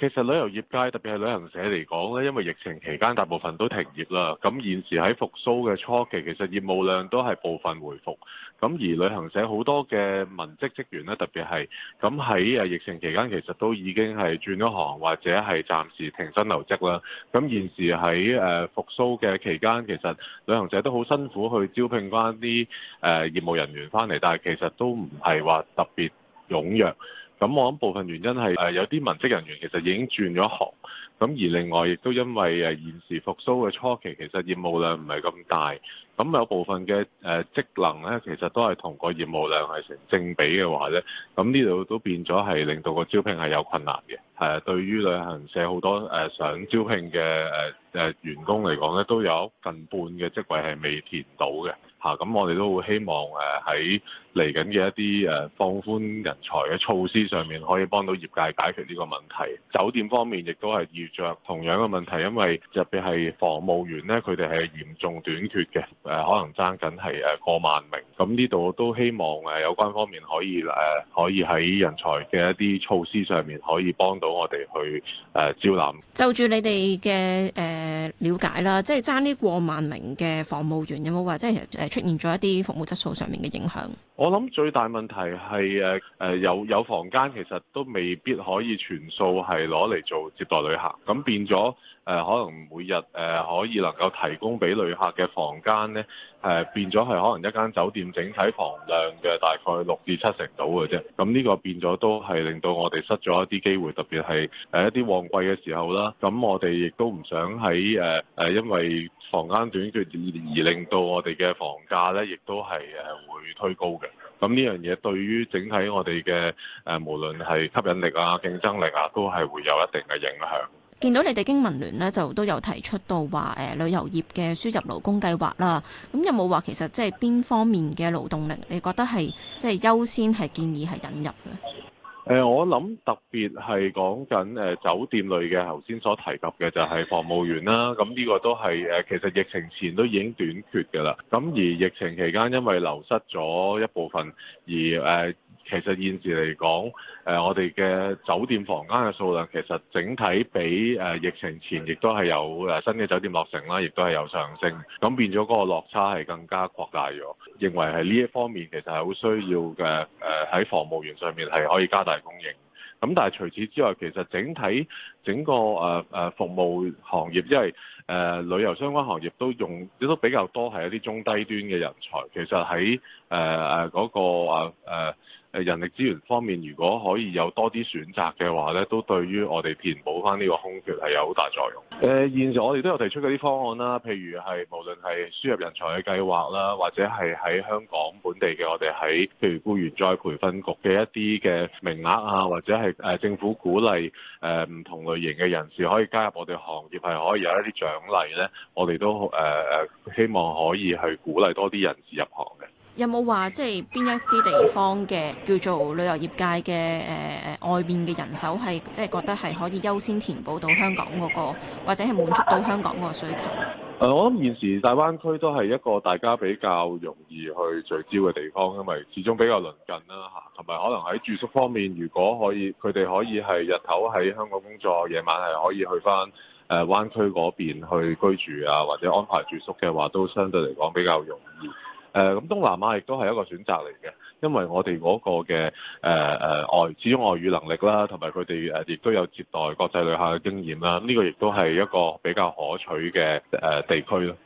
其實旅遊業界特別係旅行社嚟講咧，因為疫情期間大部分都停業啦。咁現時喺復甦嘅初期，其實業務量都係部分回復。咁而旅行社好多嘅文職職員咧，特別係咁喺疫情期間，其實都已經係轉咗行或者係暫時停薪留職啦。咁現時喺誒復甦嘅期間，其實旅行社都好辛苦去招聘翻啲誒業務人員翻嚟，但係其實都唔係話特別踴躍。咁我諗部分原因係誒，有啲文職人員其實已經轉咗行。咁而另外亦都因為誒現時復蘇嘅初期，其實業務量唔係咁大，咁有部分嘅誒職能咧，其實都係同個業務量係成正比嘅話咧，咁呢度都變咗係令到個招聘係有困難嘅，係啊，對於旅行社好多誒想招聘嘅誒誒員工嚟講咧，都有近半嘅職位係未填到嘅，吓，咁我哋都好希望誒喺嚟緊嘅一啲誒放寬人才嘅措施上面，可以幫到業界解決呢個問題，酒店方面亦都係要。着同樣嘅問題，因為特別係房務員咧，佢哋係嚴重短缺嘅，誒可能爭緊係誒過萬名。咁呢度都希望誒有關方面可以誒可以喺人才嘅一啲措施上面可以幫到我哋去誒招攬。就住你哋嘅誒了解啦，即係爭啲過萬名嘅房務員有冇話即係誒出現咗一啲服務質素上面嘅影響？我諗最大問題係誒誒有有房間其實都未必可以全數係攞嚟做接待旅客。咁變咗誒、呃，可能每日誒、呃、可以能夠提供俾旅客嘅房間咧，誒、呃、變咗係可能一間酒店整體房量嘅大概六至七成到嘅啫。咁、嗯、呢、呢個變咗都係令到我哋失咗一啲機會，特別係一啲旺季嘅時候啦。咁、嗯、我哋亦都唔想喺誒、呃、因為房間短缺而令到我哋嘅房價咧，亦都係誒會推高嘅。咁、嗯、呢樣嘢對於整體我哋嘅誒無論係吸引力啊、競爭力啊，都係會有一定嘅影響。見到你哋經民聯咧，就都有提出到話誒旅遊業嘅輸入勞工計劃啦。咁有冇話其實即係邊方面嘅勞動力，你覺得係即係優先係建議係引入咧？誒、呃，我諗特別係講緊誒酒店類嘅，頭先所提及嘅就係房務員啦。咁呢個都係誒，其實疫情前都已經短缺㗎啦。咁而疫情期間因為流失咗一部分而誒。呃其實現時嚟講，誒我哋嘅酒店房間嘅數量，其實整體比疫情前，亦都係有新嘅酒店落成啦，亦都係有上升，咁變咗嗰個落差係更加擴大咗。認為係呢一方面其實係好需要嘅，誒喺房務員上面係可以加大供應。咁但係除此之外，其實整體整個誒誒服務行業，因為誒旅遊相關行業都用亦都比較多係一啲中低端嘅人才，其實喺誒誒嗰個誒人力資源方面，如果可以有多啲選擇嘅話咧，都對於我哋填補翻呢個空缺係有好大作用。誒現時我哋都有提出嗰啲方案啦，譬如係無論係輸入人才嘅計劃啦，或者係喺香港本地嘅我哋喺譬如雇員再培訓局嘅一啲嘅名額啊，或者係政府鼓勵誒唔同類型嘅人士可以加入我哋行業，係可以有一啲獎勵咧，我哋都誒希望可以去鼓勵多啲人士入行嘅。有冇話即係邊一啲地方嘅叫做旅遊業界嘅、呃、外面嘅人手係即係覺得係可以優先填補到香港嗰、嗰個，或者係滿足到香港個需求？誒，我諗現時大灣區都係一個大家比較容易去聚焦嘅地方，因為始終比較鄰近啦、啊，同埋可能喺住宿方面，如果可以佢哋可以係日頭喺香港工作，夜晚係可以去翻誒灣區嗰邊去居住啊，或者安排住宿嘅話，都相對嚟講比較容易。誒咁東南亞亦都係一個選擇嚟嘅，因為我哋嗰個嘅誒誒外，始終外語能力啦，同埋佢哋誒亦都有接待國際旅客嘅經驗啦，呢個亦都係一個比較可取嘅誒地區咯。